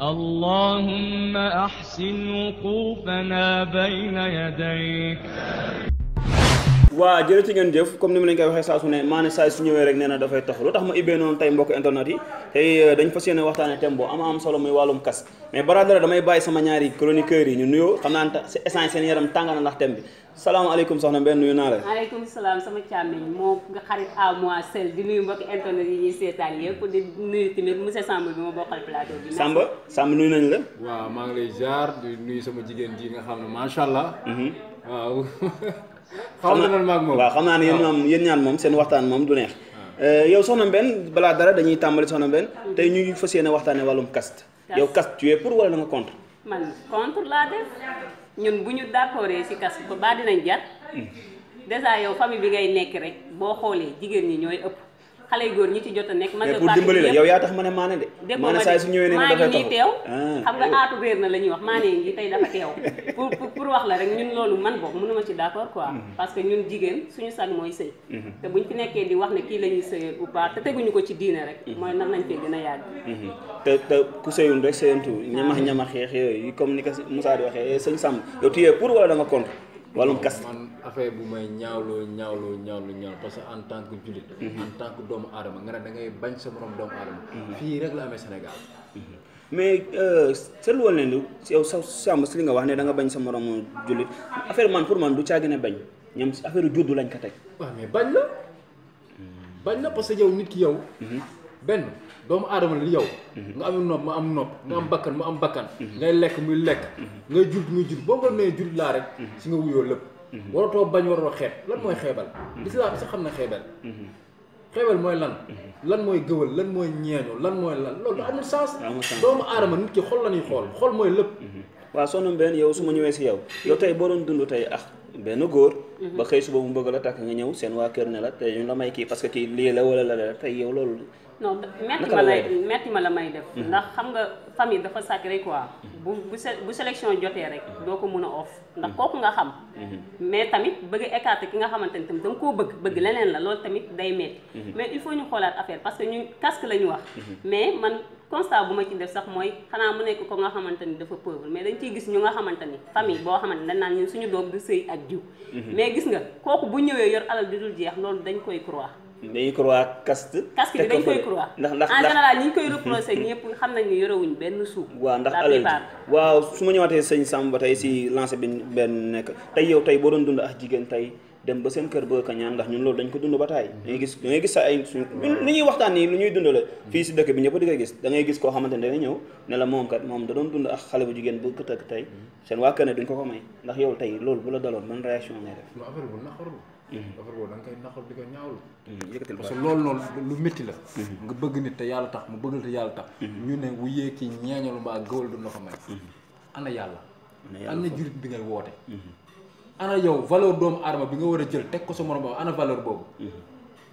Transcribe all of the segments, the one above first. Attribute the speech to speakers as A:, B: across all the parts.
A: اللهم أحسن وقوفنا بين
B: يديك
A: waa jërëjëf ngeen jëf comme ni mu leen koy waxee saa su ne maa ne saa su ñëwee rek nee na dafay tax lu tax ma ibbee noonu tey mbokk internet yi tey dañ fas yéene waxtaane thème bu am am solo muy wàllum kas mais bara dara damay bàyyi sama ñaari chroniqueurs yi ñu nuyoo xam naa si essence seen yaram tàngana ndax thème bi salaamaaleykum soxna mbenn nuyu naa la
B: aleykum salaam sama càmmiñ moo nga xarit à moi seul di nuyu mbokk internet yi ñuy seetaan di nuyu tamit monsieur Samba bi ma bokkal plateau bi Samba
C: Samba nuyu nañ la waaw maa ngi lay jaar di nuyu sama jigéen ji nga xam ne macha allah mhm. waaw
B: xaw na
A: maag moom waaw xam naa ne yéen ñaan moom seen waxtaan moom du neex Euh, yow soxna Mbène balaa dara dañuy tàmbali soxna Mbène tey ñu ngi fas yéene waxtaanee wàllum caste. yow caste tu es pour wala nga contre.
B: man contre laa def ñun bu ñu d'accordee si caste ba dinañ jar. Hmm. déjà yow famille bi ngay nekk rek boo xoolee jigéen ñi ñooy ëpp. xale yu góor ñi ci jot a nekk. mais pour dimbali la yow yaa
A: tax maane de. déggoo ma de su ñëwee ne dafay
B: ah. la ñuy wax maane ngi tey dafa teew. pour pour wax la rek ñun loolu man boobu mënuma ci d'accord quoi. Mm-hmm. parce que ñun jigéen suñu sag mooy sëy. Mm-hmm. te buñ fi nekkee di wax ne kii la ñuy sëyee ou pas te teguñu ko ci diine rek. Mm-hmm. mooy nan lañ fee gën a
A: yàgg. te te ku sëyul rek sëyantu ah. ñamax xeex yooyu comme ni ko Moussa waxee eh, sëñ Samb pour wala da nga
C: contre wàllum kas man affaire bu may ñaawloo ñaawloo ñaawloo ñaawloo parce que en tant que jullit mhm. en tant que doomu adama nga ne da ngay bañ sa morom doomu aadama mhm. fii rek la amee Sénégal mhm.
A: mais euh, seetlu woon leen yow sa sàmm si li nga wax ne da nga bañ sa moromu jullit
C: affaire man pour man du caa gën a bañ ñoom affaire juddu lañ ko teg waaw mais bañ la bañ la parce que yow nit ki yow benn doomu aadama lu yow mhm. nga am nopp ma am nopp nga am mhm. bakkan ma am bakkan mhm. ngay lekk muy lekk ngay jul muy jul boo ko nee jul laa rek si nga wuyoo lépp waratoo bañ waroo xeeb lan mooy xeebal lislaam xam na xeebal xeebal mooy lan lan mooy gëwal lan mooy ñeeñu lan mooy lan loolu amul sens doomu aadama nit ki xol la ñuy xool xol mooy lépp waaw soxna Mbène yow su ma ñëwee si yow yow tey boo doon
A: dund tey ak benn góor ba xëy suba mu bëgg la takk nga ñëw seen waa kër ne la tey ñu la may kii parce que kii lii la wala la la tey yow loolu
B: non metti ma lay metti ma la may def mm-hmm. ndax xam nga famille dafa sacré quoi mm-hmm. bu bu bu sélection jotee rek mm-hmm. doo ko mën a off ndax kooku nga xam mais tamit bëgg écarter ki nga xamante ni tamit da koo bëgg bëgg leneen la loolu tamit day metti mais il faut ñu xoolaat affaire parce que ñu casque la ñu wax mais man constat bu ma ci def sax mooy xanaa mu nekk ko nga xamante ni dafa pauvre mais dañ ciy gis ñu nga xamante ni famille boo xamante ni dañ naan ñun suñu doom du sëy ak jiw mais gis nga kooku bu ñëwee yor alal di dul jeex loolu dañ koy croire
A: dañuy croix caste. caste bi dañ koy croix. ndax ndax en général
B: ñëpp xam nañ yorewuñ benn suuf. waaw ndax alal
A: waaw su ma ñëwaatee sëñ Samba tey si lancé bi benn nekk tey yow tey boo doon dund ak jigéen tey dem ba seen kër ba kañaan ndax ñun loolu dañ ko dund ba taay. da ngay gis sa ay suñu lu ñuy waxtaan nii lu ñuy dund la. fii si dëkk bi ñëpp di koy gis da gis koo xamante ne da ñëw ne la moom kat moom da doon dund ak xale bu jigéen bu tëkk tey seen waa kër ne duñ ko ko may ndax yow t loolu
C: bu la daloon ban réaction affaire boobu da nga koy naqal di ko ñaawlu mhm. yëkkatil parce que loolu noonu lu métti la mhm. nga bëgg nit te yàlla tax mu bëggal te yàlla tax mhm. ñu ne wu yee ñeeñalu mbaa gëwal du na may ana yàlla ana jurit bi ngay woote ana yow valeur doomu aadama bi nga war a jël teg ko sa morom boobu ana valeur boobu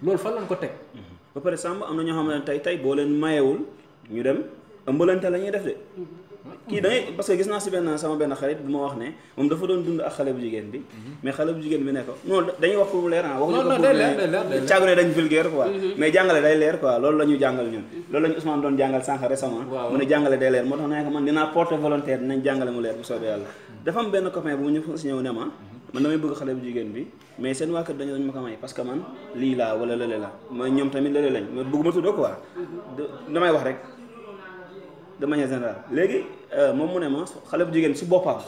C: loolu fan
A: lañ ko teg ba pare sàmm am na ñoo xam ne tey tey boo leen mayewul ñu dem ëmbalante la ñuy def de kii da ngay gis naa si benn sama benn xarit bu ma wax ne moom dafa doon dund ak xale bu jigéen bi mhm. mais xale bu jigéen bi ne ko non dañuy wax pour mu leer ah leer quoi la ñu jàngal ñun mhm. loolu la ñu Ousmane doon jàngal sànq récemment mu xale bu jigéen bi mais seen waa kër dañu dañ ma ko may parce man lii laa wala lële la ma ñoom tamit lële lañ ma bëgg ma tuddoo mhm. damay wax rek de manière générale Légui euh mu ne ma xalé bu jigéen si boppam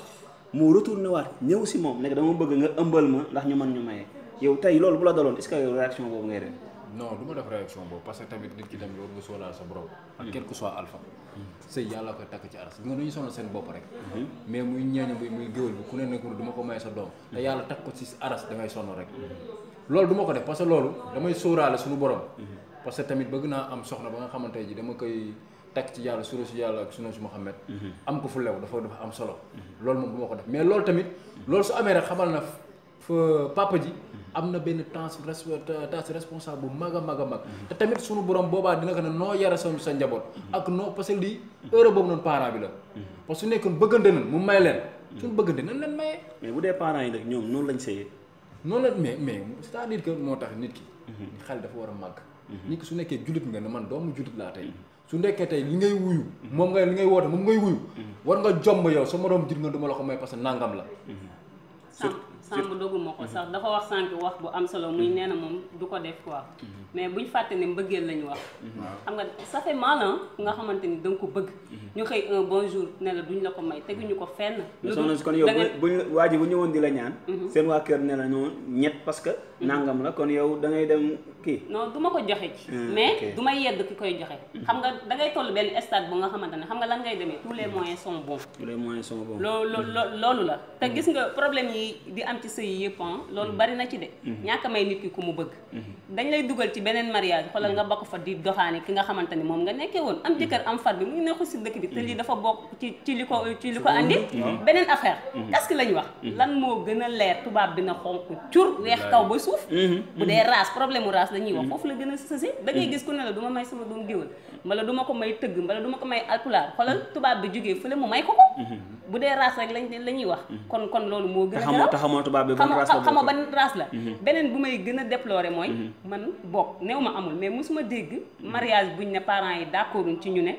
A: mu retourné waat ñëw si moom nekk dama bëgg nga ëmbël ma ndax ñu mën ñu mayé. yow tay loolu bu la dalon est-ce que réaction bobu ngay def.
C: non duma def réaction bobu parce que tamit nit ki dem yow nga soolaal sa borom. ak hmm. quel que soit alpha. Hmm. sëy yalla ko tak ci aras bi nga ñu sonal seen bop rek. Hmm. mais muy ñeeño bi muy géwél bu ku ne nekkul duma ko mayé sa doom. Da yalla tak ko ci aras da ngay sonn rek. loolu duma ko def parce que loolu damay sóoraale suñu borom. parce que tamit bëgg naa am soxna ba nga xamante ji dama koy teg ci yàlla suro si yàlla ak sunu Muhammad mhm. am ko fu lew dafa dafa am solo mhm. loolu moom bu ma ko def mais loolu tamit mhm. loolu su amee rek xamal na fa papa ji amna na benn tans tans responsable bu mag mag a tamit sunu borom boba dina ko no yara sa sa njaboot ak no parce que lii heure boobu non parent bi la parce que su nekkoon bëggante nan mu may len suñu bëggante nan leen mayee mais bu dee parents yi nak ñom non lañ sëyee non la mais mais c'est-à-dire que motax nit ki xal dafa wara mag nit ki su nekkee jullit nga ne man doomu jullit la tay su nekkee tey li ngay wuyu moom ngay li ngay woote moom ngay wuyu mm-hmm. war nga jomb yow sa moroom jir nga duma la ko may parce que nangam la mm-hmm. ah.
B: su sànq doguma ko sax mhm. dafa wax sànq wax bu am solo muy mhm. nee na moom du ko def quoi mhm. mais buñ fàtte ne mbëggeel lañu wax xam nga ça fait mal nga xamante ni da ko bëgg ñu xëy un bon jour ne la duñ la ko may teguñu ko fenn soxna si kon yow
A: buñ waa ji bu ñëwoon di la ñaan seen waa kër ne la ñoo ñett parce que nangam la kon yow da ngay dem kii
B: non du ma ko joxe ci ah, mais du may yedd ki koy joxe xam nga dangay ngay toll benn stade bu nga xamante ne xam nga lan ngay demee tous les moyens sont
A: bons tous les moyens sont bons
B: loolu am ci sëy yëpp ah. mm-hmm. loolu bari na ci de mm-hmm. ñàkk may nit ki ku mu bëgg mm-hmm. dañ lay dugal ci beneen mariage xoolal nga bokk fa di doxaani ki nga xamante ni moom nga nekkee woon am jëkkër am far bi mu neexu si dëkk bi te lii dafa bokk ci ci li ko ci li andi beneen affaire parce que lañ wax lan moo gën a leer tubaab bi na xonq cur weex kaw ba suuf bu dee race problème mu race la ñuy wax foofu la gën a sësi da ngay gis ku ne la du ma may sama doom géwël mbala du ma ko may tëgg mbala du ma ko may alpulaar xoolal tubaab bi jógee fële mu may ko bu dee race rek lañ mhm. kon kon loolu moo gën a race la ban mhm. bu may gën a déplorer mhm. man bok amul mais dégg mariage buñ parents yi d'accorduñ ci ñu ne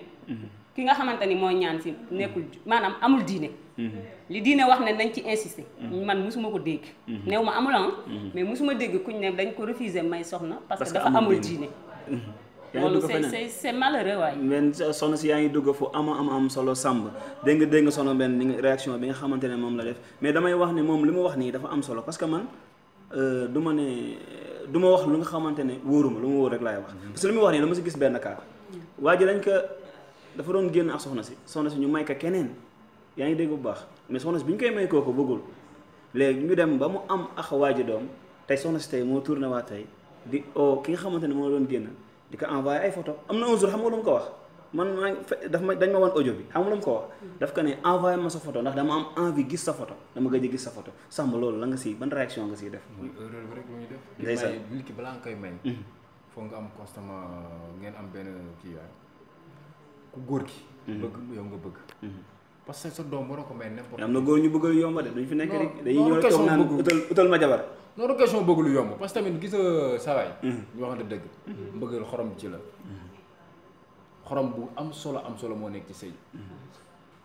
B: ki nga ni ñaan si amul li diine wax ne nañ ci insister man mosuma ko dégg néew ma amul ah. mais mosuma dégg kuñ ne dañ ko refuser que amul yaa ngi dugg feneen loolu c'est malheureux waay.
A: men soxna si yaa ngi dugg fu ama am am solo sàmb dégg nga dégg nga soxna benn ni réaction bi nga xamante ne moom la def mais damay wax ne moom li ma wax nii dafa am solo parce que man euh, du ma ne du ma wax lu nga xamante ne wóoruma lu ma wóor rek laay wax. parce que li mu wax nii dama si gis benn cas waa ji lañ ko dafa doon génn ak soxna si soxna si ñu may ko keneen yaa ngi dégg bu baax mais soxna si bi ñu koy may ko bëggul léegi ñu dem ba mu am ak waaj ji doom tey soxna si tey moo tourné waa tey di oh, ki nga xamante ne moo doon génn di ko envoyé ay photo am na un xam nga lu mu ko wax man maa ngi daf ma dañ ma wan audio bi xam nga lu mu ko wax daf ko ne envoyé ma sa photo ndax dama am envie gis sa photo dama gëj a gis sa photo sàmm loolu la nga si ban réaction nga si def. muy
C: erreur rek la ñuy def. ndeysaan nit ki balaa nga koy may. Mhm. foog nga am constamment ngeen am benn kii waay ku góor ki. Mhm. bëgg yow nga bëgg. Mhm. parce que sa doom waroo ko may n'importe. am na góor ñu bëgg yomba de duñ fi nekk rek dañuy ñëw toog naan utal jabar. non du question bëgg lu yomb parce que tamit gis nga sawaay mm-hmm. ñu waxante dëgg mm-hmm. mbëggeel xorom ci la mm-hmm. xorom bu am solo am solo moo nekk ci sëy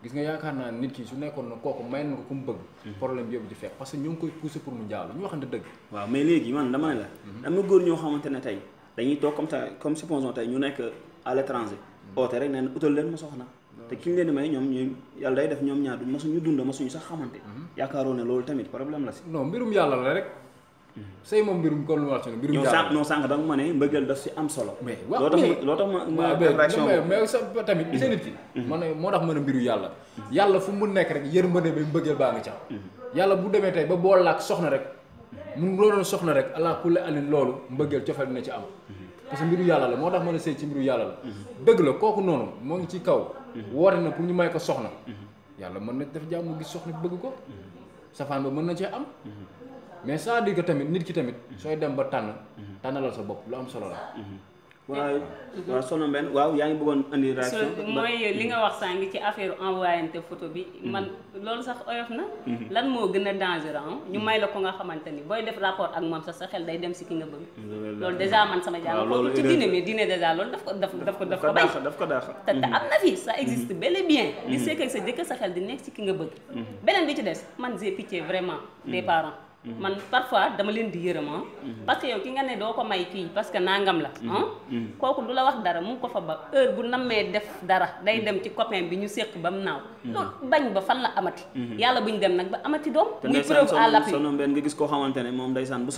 C: gis nga yaakaar naa nit ki su nekkoon na kooku may na ko ku mu bëgg ñu ngi koy pousser pour mu jaalu ñu waxante dëgg waaw mais léegi man dama ne la am góor ñoo xamante ne tey
A: dañuy toog comme ça comme supposons tey ñu nekk à l'étranger oote rek nee na utal leen ma soxna te ki ñu leen di may ñoom ñuy yàlla day def ñoom ñaar duñ masuñu dund masuñu sax xamante yaakaaroon ne loolu tamit problème la
C: si non mbirum yàlla la rek Mm-hmm. sëy moom mbirum comme lu ma la wax sànq da ma ne mbëggeel daf si am solo. mais waaw loo tax ma réaction mais sa tamit gisee mm-hmm. nit mm-hmm. moo tax mën a mbiru yàlla. yàlla fu mu nekk rek yërmande ba mbëggeel baa nga ca. yàlla bu demee tey ba bool laak soxna rek mun loo soxna rek allah kulli alin loolu mbëggeel cofeel dina ci am. parce que mbiru yàlla la moo tax mën a sëy ci mbiru yàlla la. dëgg kooku noonu moo ngi ci kaw. na pour ñu may ko soxna. yàlla mën na def jàmm gis soxna bëgg ko. safaan ba mën na cee am mais ça veut dire que tamit nit ki tamit soy dem ba tan tànnalal sa bop lu am solo la waaw wa sonu mbenn waaw yaangi bëggon andi réaction
B: moy li nga wax sangi ci affaire envoyante photo bi man loolu sax oyof na mhm. lan mo gëna dangereux ah? ñu may la ko nga xamanteni boy def rapport ak mom sax sa xel day dem ci ki nga bëgg loolu déjà man sama jàng ko ci diine mais diine déjà loolu daf ko daf daf ko daf ko bay daf ko daax te te mhm. am fi ça mhm. existe bel et bien di sekk ak sa jëk sa xel di nekk ci ki nga bëgg benen bi ci des man j'ai pitié vraiment des parents Mm-hmm. man parfois dama len di yërëm ah. mm-hmm. parce que yow ki nga ne do ko may ki parce que nangam la hein ah. mm-hmm. du dula wax dara mu ko fa ba heure bu nammee def dara day dem ci copain bi ñu sekk bam naw do bañ ba fan la amati yalla buñ dem nak ba amati dom muy preuve à l'appui
A: sonu ben nga gis ko xamantene mom moom ndeysaan bu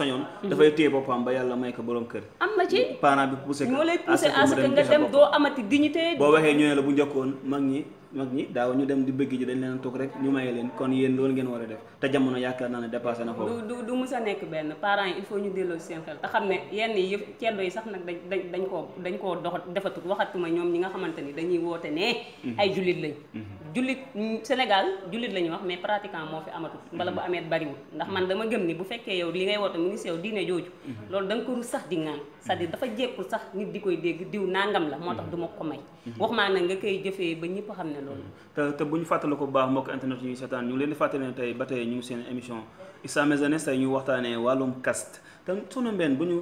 A: da fay téye bopam ba yalla may ko borom kër amna ci parent bi poussé mo lay poussé à ce que nga dem do
B: amati dignité bo waxee
A: ñu ne la bu ñëkkon mag ñi mag ñi daaw ñu dem di bëgg ji dañ leen toog rek ñu maye leen kon yéen loolu ngeen war a def te jamono yaakaar naa ne dépassé
B: na foofu du du mës a nekk benn parents yi il faut ñu delloo seen xel te xam ne yenn yëf ceddo yi sax nag dañ dañ koo dañ koo dox defatul waxatuma ñoom ñi nga xamante ni dañuy woote ne mm-hmm. ay jullit lañ mm-hmm. jullit Sénégal jullit la ñuy wax mais pratiquant moo fi amatul mbala bu mhm. amee bariwul ndax man dama gëm ni bu fekkee yow li ngay woote mu ngi si yow diine jooju mhm. loolu da ko rus sax di ngaan cest à mhm. dafa jekkul sax nit di koy dégg diw nangam la moo tax du ma ko may wax maa nag nga koy jëfee ba ñëpp xam ne loolu
A: te te bu ñu fàttale ko bu baax mbokk internet yi seetaan ñu ngi leen di fàttale ne ba tey ñu seen émission Issa Mes Aînés tey ñu waxtaanee wàllum caste te sunu mbenn bu ñu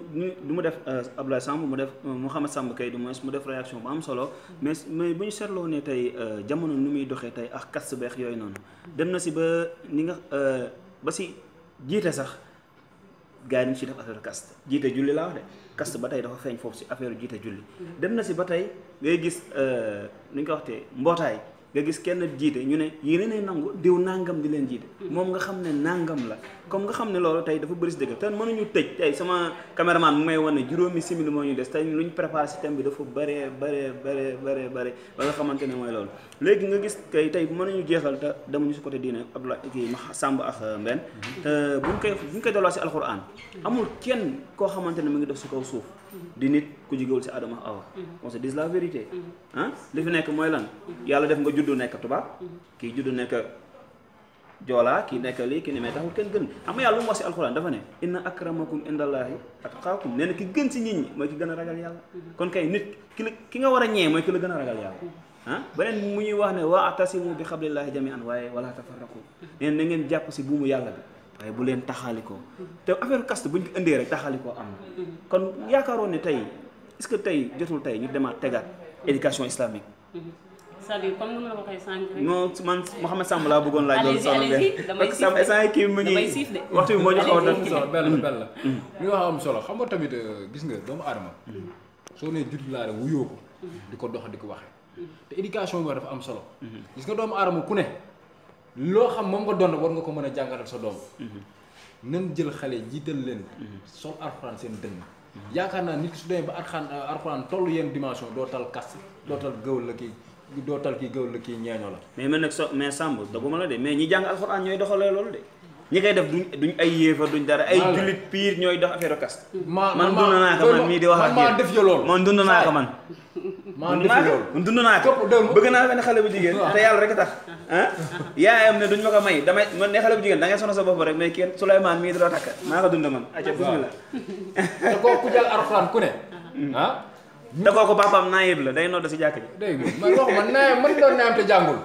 A: du mu def euh, Abdoulaye Samb mu def mu euh, Mouhamed Samb kay du moins mu def réaction bu am solo mm-hmm. mais mais bu ñu seetloo ne tey euh, jamono nu muy doxee tey ak kas beex yooyu noonu dem na si ba ni nga ba si jiite sax gars yi ñu si def affaire kast jiite julli laa wax de kast ba tey dafa feeñ foofu si affaire jiite julli mm-hmm. dem na si ba tey ngay gis ni ñu ko waxtee mbootaay nga gis kenn jiite ñu ne yéen ne nangu diw nangam di leen jiite mm-hmm. moom nga xam ne nangam la comme nga xam ne loolu tey dafa bëri si dëgg te mënuñu tëj tey sama cameraman mu may wan ne juróomi simili moo ñu des tey lu ñu préparé si thème bi dafa bare bare bare bare bare ba nga xamante ne mooy loolu léegi nga gis tey tey mënuñu jeexal te demuñu si côté diine Abdoulaye kii Samba ak uh, Mbène mm-hmm. te buñ koy buñ koy delloo si alxuraan amul kenn koo xamante ne mu ngi def si kaw suuf mm-hmm. di nit ku jigeul si adama awa on se dise la vérité ah li fi nek moy lan mhm. yalla def nga juddou nek tuba mhm. ki juddou nek jola ki nek li ki ni mais ken gën am nga lu mo ci alcorane dafa ne inna akramakum indallahi atqakum nee ki gën si nit ñi moy ki gëna ragal yalla kon kay nit ki nga wara a moy ki la gëna ragal yalla ah benen mu ñuy wax ne wa atasimu bi khablillahi jamian waaye wala tafarraqu nee na ngeen japp si buumu yalla bi bu len taxaliko te affaire caste buñu ko rek taxaliko am kon yaakaaro ne tay est que tey jotul tey ñu demaat tegaat éducation islamique.
B: c'est-à-dire comme ni ma la ko
A: waxee sànq laa bëggoon laaj loolu. soxna Mbène parce que Samb instant yii kii mu ngi a
B: doon
C: wax am solo xam nga tamit euh, gis nga doomu aadama. Mm-hmm. soo nee jullit laa rek ko. Mm-hmm. di ko dox di ko waxee. te éducation bi am solo. Mm-hmm. gis nga doomu aadama ku ne. loo xam moom nga doon war nga ko mën a jàngalal sa doom. nan jël xale jiital leen. sol alxuraan seen dënn. yaakaar naa nit ki su demee ba arxaan euh, arxuraan toll yenn dimension doo tal kas doo tal gëw la kii doo tal kii gëw la kii
A: ñeeño la mais man nag so mais Samb doguma la de mais ñi jàng alxuraan ñooy doxalee loolu de ñi koy def duñ duñ ay yéefar duñ dara ay jullit piir ñooy dox affaire kast
C: man dund naa ko man mii di wax ak yéen
A: def yo loolu man dund naa ko man man dund naa ko man dund naa ko bëgg naa benn xale bu jigéen te yàlla rek a tax ah yaayam ne duñ ma ko may damay man ne xale bu jigéen da ngay sono sa bopp rek mais kenn Souleymane mii du la takk ko dund man aca bismillah te koo ku jël alxuraan ne mm. ah te si jàkk ji dégg
C: man wax man naayam man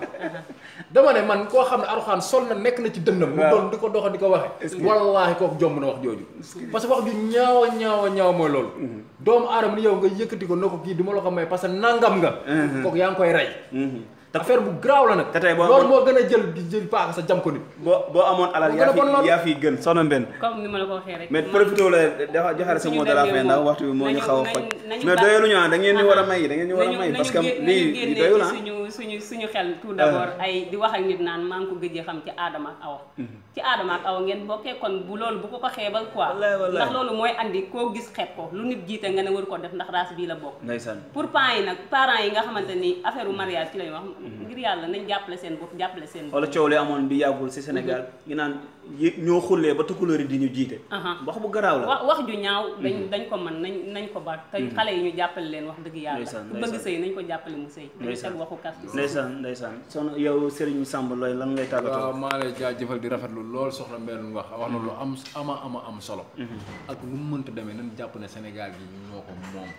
C: dama ne man koo xam ne alxuraan sol na nekk na ci dënnam mu doon di ko doxa di ko waxe wallaahi kooku jomb na wax jooju parce que wax ju ñaaw a ñaaw a ñaaw mooy loolu mm-hmm. doomu aadama ni yow nga yëkkati ko ne ko kii duma ma la ko may parce que nangam nga mm-hmm. kooku yaa ngi koy rey mm-hmm. te fer bu garaaw la nag. te tey boo loolu moo jël sa jam ko nit. boo boo amoon alal
A: yaa fi yaa fi gën soxna Mbène.
B: comme ni ma la ko waxee rek. mais
A: profité la dafa joxe sa mot de la fin ndax waxtu bi moo ñu xaw a
B: mais doyalu ñu ah da ngeen ñu war may da ngeen ñu war may. parce que lii li doyul ah suñu suñu suñu xel tout ay di wax ak nit naan ngi ko xam ci ak awa. ci ak awa ngeen kon bu loolu bu ko ko xeebal quoi. ndax andi gis xeeb ko lu nit jiite nga ne war ko def ndax race bii la bokk. pour parents yi parents yi nga mariage ci wax Mm-hmm. ngir yàlla nañ jàppale seen bopp jàppale seen bopp wala coow
A: li mhm. ba tukulóor yi
B: wax bu garaaw la wax ju ñaaw dañ mhm. dañ ko mën nañ nañ ko baat te mhm. xale yi ñu jàppale leen wax dëgg yàlla ku bëgg sëy nañ ko jàppale mu sëy dañu teg waxu kàtt ndeysaan
A: ndeysaan son yow Serigne Samb looy lan ngay tàggatoo waaw
C: maa lay jaajëfal di rafetlu lool soxla mbenn wax wax na lu am ama am solo ak lu mënta demee nañ jàpp ne Sénégal gi ñoo ko moom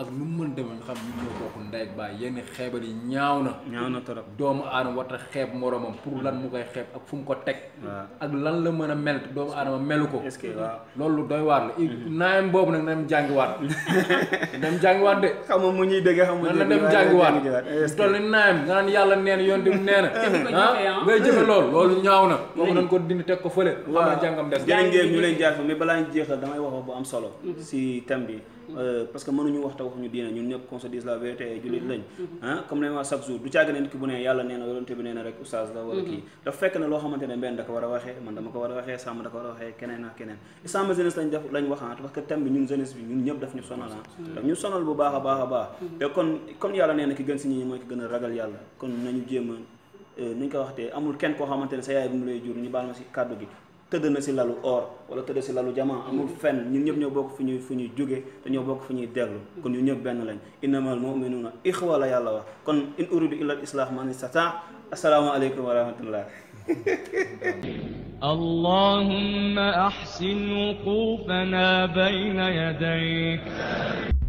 C: ak lu mënta demee nga xam ñu ñoo bokk ndey ak yenn doomu aadama war a xeeb moromam pour lan mu koy xeeb ak fu mu ko teg. ak lan la mën a mel doomu aadama melu ko. est-ce que loolu doy waar la. Mm-hmm. naayam boobu nag na dem jàngiwaat. dem de. xam nga mu ñuy dégg xam nga. na dem jàngiwaat mu toll na naayam nga naan yàlla neen yoon tamit nee na. Ah, ah ngay jëfe loolu mm-hmm. ñaaw na. boobu mm-hmm. nañ ko dindi teg ko fële. waaw xam nga jàngam des.
A: jërë ngeen fa mais balaa ñu jeexal damay wax bu am solo. si thème Euh, parce que mënuñu wax te waxuñu diine ñun ñëpp qu'on se dise la vérité mm-hmm. Mm-hmm. Ah, comme lañ wax chaque jour du caagi ne nit ki bu ne yàlla nee na yonent bi nee na rek oustaz la wala kii mm-hmm. dafa fekk ne loo xamante mbenn da war a waxee man dama ko war a waxee sàmm da war a waxee keneen ak keneen islam jeunesse lañ def lañ wax parce que thème bi ñun jeunesse bi ñun ñëpp daf ñu sonal ah sonal bu baax a baax a baax te kon comme yàlla nee na ki gën si ñi mooy ki gën ragal yàlla kon nañu jéem euh, koo xamante ne sa yaay si kàddu gi tëdd na si lalu or wala tëdd si lalu jamaa amul mm-hmm. fenn ñun ñëpp ñoo bokk fu ñuy fu ñuy jóge te ñoo bokk fu ñuy dellu mm-hmm. kon ñu ñëpp benn lañ innamal mu'minuuna ixwa la yàlla wax kon in uridu illa al islah man istata assalaamu aleykum wa rahmatullah allahumma ahsin wuqufana bayna yadayk